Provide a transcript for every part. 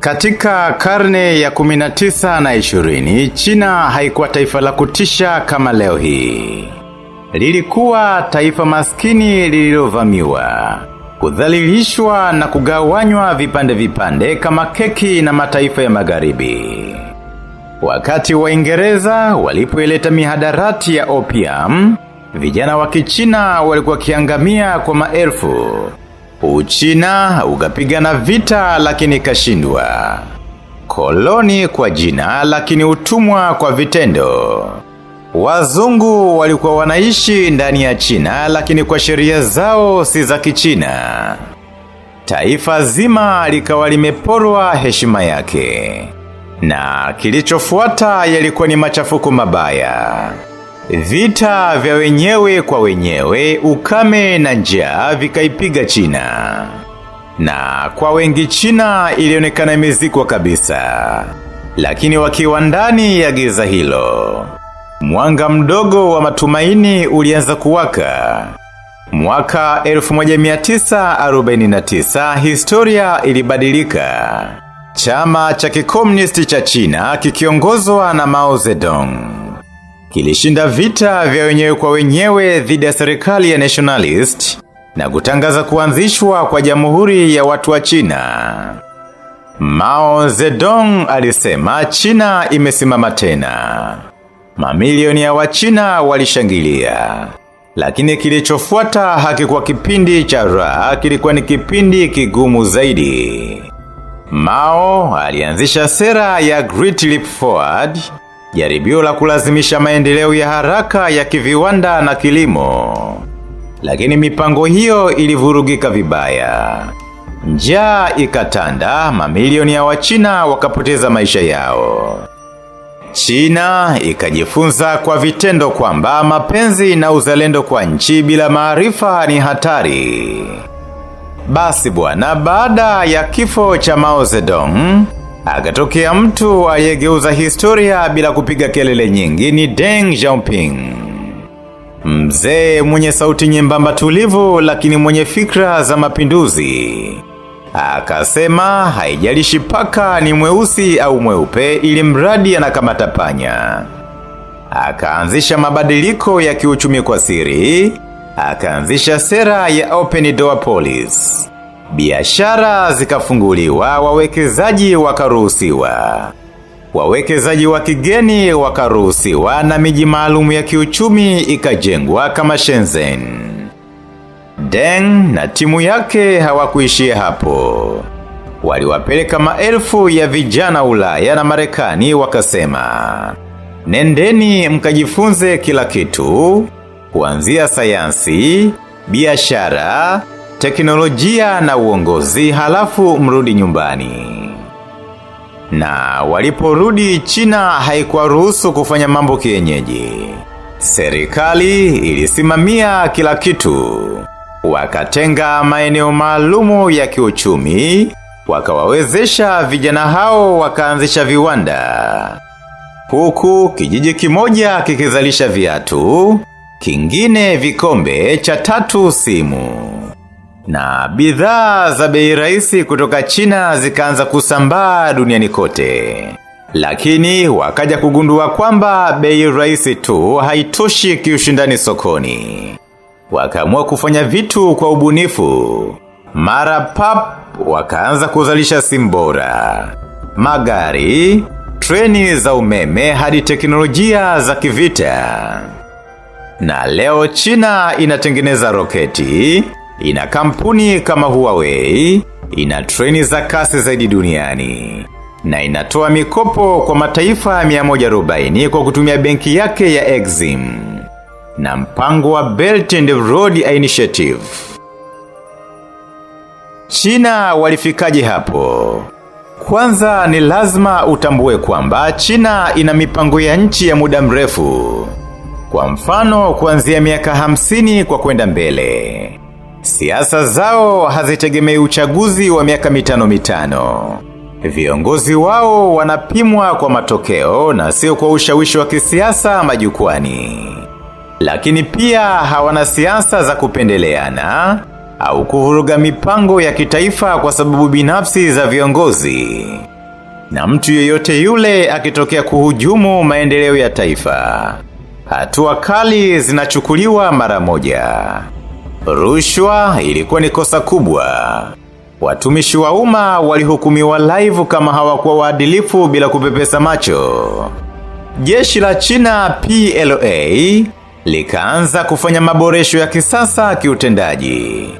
Katika karne ya 19 na 20, China haikuwa taifa la kutisha kama leo hii. Lilikuwa taifa maskini lililovamiwa, kudhalilishwa na kugawanywa vipande vipande kama keki na mataifa ya magharibi. Wakati Waingereza walipoileta mihadarati ya opium, vijana wa Kichina walikuwa kiangamia kwa maelfu. Uchina ukapigana vita lakini kashindwa Koloni kwa jina lakini utumwa kwa vitendo. Wazungu walikuwa wanaishi ndani ya China lakini kwa sheria zao si za Kichina. Taifa zima likawa limeporwa heshima yake, na kilichofuata yalikuwa ni machafuko mabaya. Vita vya wenyewe kwa wenyewe, ukame na njaa vikaipiga China, na kwa wengi China ilionekana imezikwa kabisa. Lakini wakiwa ndani ya giza hilo, mwanga mdogo wa matumaini ulianza kuwaka. Mwaka 1949 historia ilibadilika. Chama cha Kikomunisti cha China kikiongozwa na Mao Zedong kilishinda vita vya wenyewe kwa wenyewe dhidi ya serikali ya nationalist na kutangaza kuanzishwa kwa jamhuri ya watu wa China. Mao Zedong alisema China imesimama tena. Mamilioni ya Wachina walishangilia, lakini kilichofuata hakikuwa kipindi cha raha, kilikuwa ni kipindi kigumu zaidi. Mao alianzisha sera ya Great Leap Forward jaribio la kulazimisha maendeleo ya haraka ya kiviwanda na kilimo, lakini mipango hiyo ilivurugika vibaya. Njaa ikatanda, mamilioni ya Wachina wakapoteza maisha yao. China ikajifunza kwa vitendo kwamba mapenzi na uzalendo kwa nchi bila maarifa ni hatari. Basi bwana, baada ya kifo cha Mao Zedong, akatokea mtu aliyegeuza historia bila kupiga kelele nyingi. Ni Deng Xiaoping, mzee mwenye sauti nyembamba tulivu, lakini mwenye fikra za mapinduzi. Akasema haijalishi paka ni mweusi au mweupe, ili mradi anakamata panya. Akaanzisha mabadiliko ya kiuchumi kwa siri, akaanzisha sera ya open door policy biashara zikafunguliwa, wawekezaji wakaruhusiwa, wawekezaji wa kigeni wakaruhusiwa, na miji maalum ya kiuchumi ikajengwa kama Shenzhen. Deng na timu yake hawakuishia hapo, waliwapeleka maelfu ya vijana Ulaya na Marekani, wakasema nendeni mkajifunze kila kitu kuanzia sayansi, biashara teknolojia na uongozi, halafu mrudi nyumbani. Na waliporudi China haikuwaruhusu kufanya mambo kienyeji. Serikali ilisimamia kila kitu, wakatenga maeneo maalumu ya kiuchumi, wakawawezesha vijana hao, wakaanzisha viwanda, huku kijiji kimoja kikizalisha viatu, kingine vikombe, cha tatu simu na bidhaa za bei rahisi kutoka China zikaanza kusambaa duniani kote. Lakini wakaja kugundua kwamba bei rahisi tu haitoshi kiushindani sokoni. Wakaamua kufanya vitu kwa ubunifu. Mara pap wakaanza kuzalisha simu bora, magari, treni za umeme hadi teknolojia za kivita. Na leo China inatengeneza roketi ina kampuni kama Huawei, ina treni za kasi zaidi duniani na inatoa mikopo kwa mataifa 140 kwa kutumia benki yake ya Exim na mpango wa Belt and Road Initiative. China walifikaje hapo? Kwanza ni lazima utambue kwamba China ina mipango ya nchi ya muda mrefu. Kwa mfano, kuanzia miaka 50 kwa kwenda mbele. Siasa zao hazitegemei uchaguzi wa miaka mitano mitano. Viongozi wao wanapimwa kwa matokeo na sio kwa ushawishi wa kisiasa majukwani. Lakini pia hawana siasa za kupendeleana au kuvuruga mipango ya kitaifa kwa sababu binafsi za viongozi. Na mtu yeyote yule akitokea kuhujumu maendeleo ya taifa, hatua kali zinachukuliwa mara moja. Rushwa ilikuwa ni kosa kubwa. Watumishi wa umma walihukumiwa live kama hawakuwa waadilifu bila kupepesa macho. Jeshi la China PLA likaanza kufanya maboresho ya kisasa kiutendaji.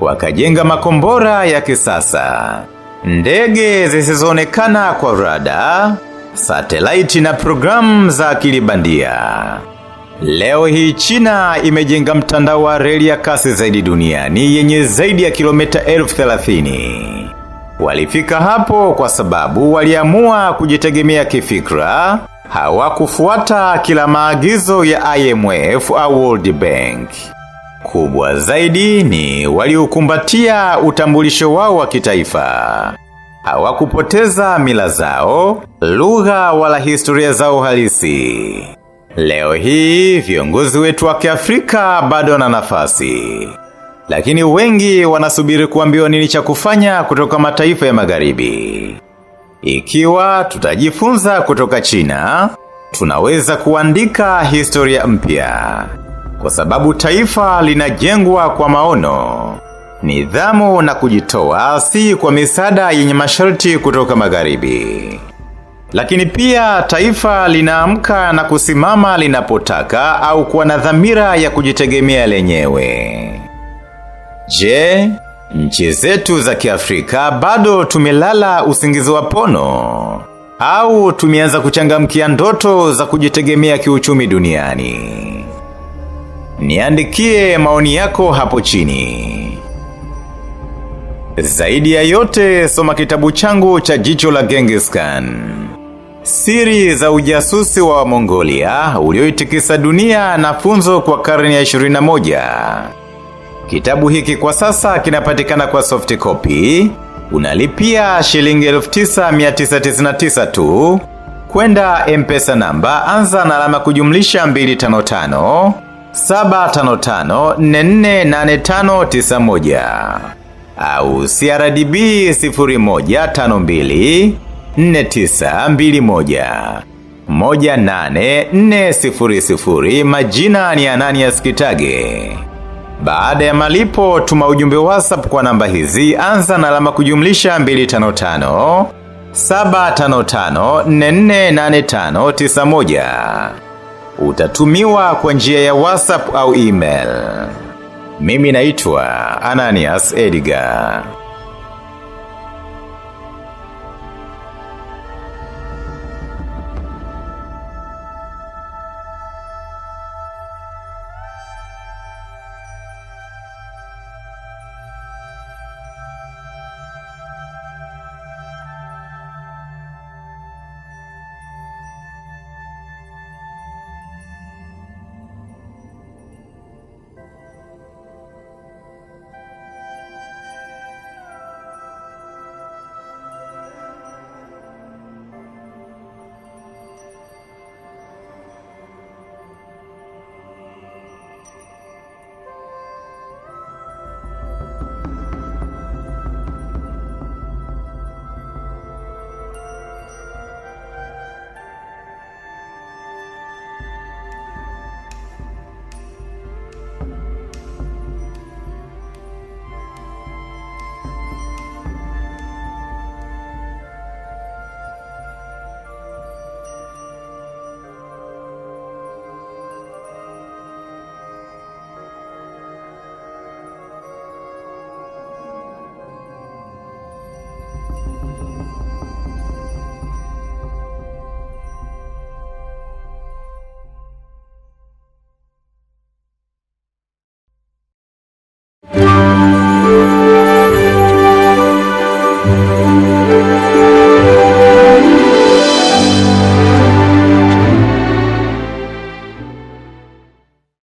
Wakajenga makombora ya kisasa, ndege zisizoonekana kwa rada, satelaiti na programu za akili bandia. Leo hii China imejenga mtandao wa reli ya kasi zaidi duniani yenye zaidi ya kilomita elfu thelathini. Walifika hapo kwa sababu waliamua kujitegemea kifikra, hawakufuata kila maagizo ya IMF au World Bank. Kubwa zaidi ni waliukumbatia utambulisho wao wa kitaifa. Hawakupoteza mila zao, lugha wala historia zao halisi. Leo hii viongozi wetu wa Kiafrika bado wana nafasi, lakini wengi wanasubiri kuambiwa nini cha kufanya kutoka mataifa ya Magharibi. Ikiwa tutajifunza kutoka China, tunaweza kuandika historia mpya, kwa sababu taifa linajengwa kwa maono, nidhamu na kujitoa, si kwa misaada yenye masharti kutoka Magharibi. Lakini pia taifa linaamka na kusimama linapotaka au kuwa na dhamira ya kujitegemea lenyewe. Je, nchi zetu za Kiafrika bado tumelala usingizi wa pono au tumeanza kuchangamkia ndoto za kujitegemea kiuchumi duniani? Niandikie maoni yako hapo chini. Zaidi ya yote, soma kitabu changu cha Jicho la Genghis Khan. Siri za ujasusi wa Mongolia ulioitikisa dunia na funzo kwa karne ya 21. Kitabu hiki kwa sasa kinapatikana kwa soft copy, unalipia shilingi 9999 tu kwenda Mpesa namba anza na alama kujumlisha 255 755 au CRDB 0152 4921 Majina ni Ananias Kitage. Baada ya malipo, tuma ujumbe WhatsApp kwa namba hizi, anza na alama kujumlisha 255 755 4485 91. Utatumiwa kwa njia ya WhatsApp au email. Mimi naitwa Ananias Edgar.